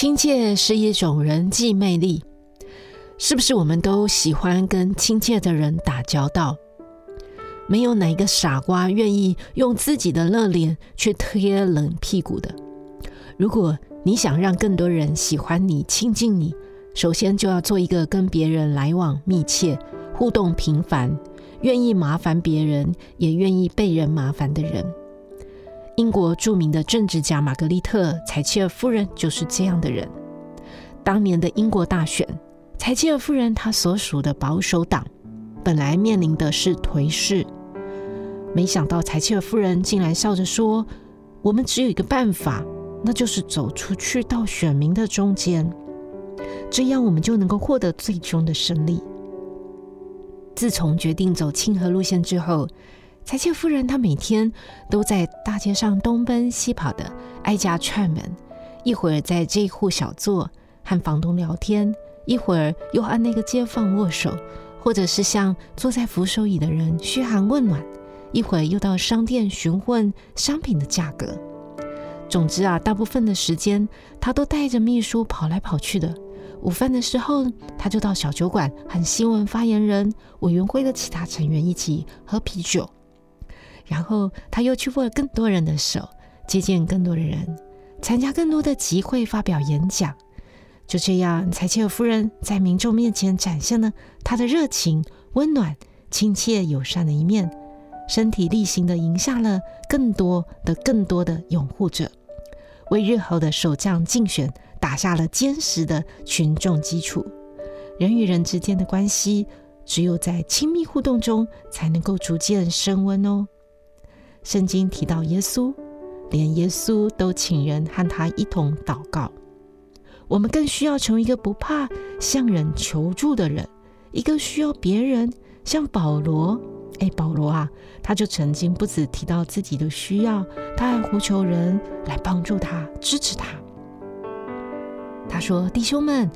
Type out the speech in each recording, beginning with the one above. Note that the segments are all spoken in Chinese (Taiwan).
親切是一種人際魅力，是不是我們都喜歡跟親切的人打交道？沒有哪一個傻瓜願意用自己的熱臉去貼冷屁股的。如果你想讓更多人喜歡你、親近你，首先就要做一個跟別人來往密切、互動頻繁、願意麻煩別人，也願意被人麻煩的人。英國著名的政治家瑪格麗特·柴契爾夫人就是這樣的人。當年的英國大選，柴契爾夫人她所屬的保守黨本來面臨的是頹勢，沒想到柴契爾夫人竟然笑着說：“我們只有一個辦法，那就是走出去到選民的中間，這樣我們就能夠獲得最終的勝利。”自從決定走親和路線之後。.柴契爾夫人，她每天都在大街上東奔西跑的挨家串門，一會兒在這戶小坐和房東聊天，一會兒又和那個街坊握手，或者是向坐在扶手椅的人噓寒問暖，一會兒又到商店詢問商品的價格。總之啊，大部分的時間她都帶着秘書跑來跑去的。午飯的時候，她就到小酒館和新聞發言人委員會的其他成員一起喝啤酒。然後他又去握了更多人的手，接見更多的人，參加更多的集會，發表演講。就這樣，柴契爾夫人在民眾面前展現了她的熱情、溫暖、親切、友善的一面，身體力行地贏下了更多的、更多的擁護者，為日後的首相競選打下了堅實的群眾基礎。人與人之間的關係，只有在親密互動中，才能夠逐漸升溫哦。聖經提到耶穌，連耶穌都請人和他一同禱告。我們更需要成為一個不怕向人求助的人，一個需要別人。像保羅，哎，保羅啊，他就曾經不止提到自己的需要，他還呼求人來幫助他、支持他。他說：“弟兄們。”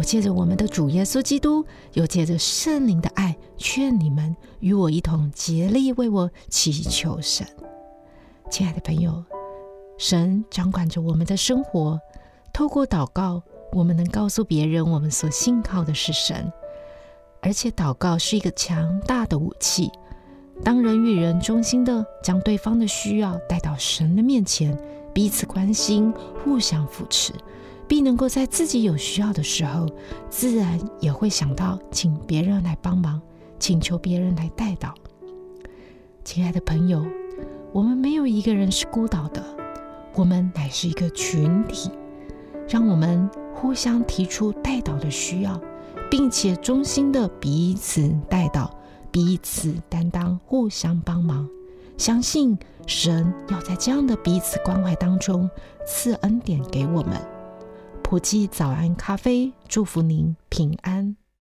我借着我們的主耶穌基督，又借着聖靈的愛，勸你們與我一同竭力為我祈求神。親愛的朋友，神掌管着我們的生活，透過禱告，我們能告訴別人我們所信靠的是神，而且禱告是一個強大的武器。當人與人衷心地將對方的需要帶到神的面前，彼此關心，互相扶持。必能夠在自己有需要的時候，自然也會想到請別人來幫忙，請求別人來代禱。親愛的朋友，我們沒有一個人是孤島的，我們乃是一個群體。讓我們互相提出代禱的需要，並且衷心的彼此代禱、彼此擔當、互相幫忙。相信神要在這樣的彼此關懷當中賜恩典給我們。埔基早安咖啡，祝福您平安。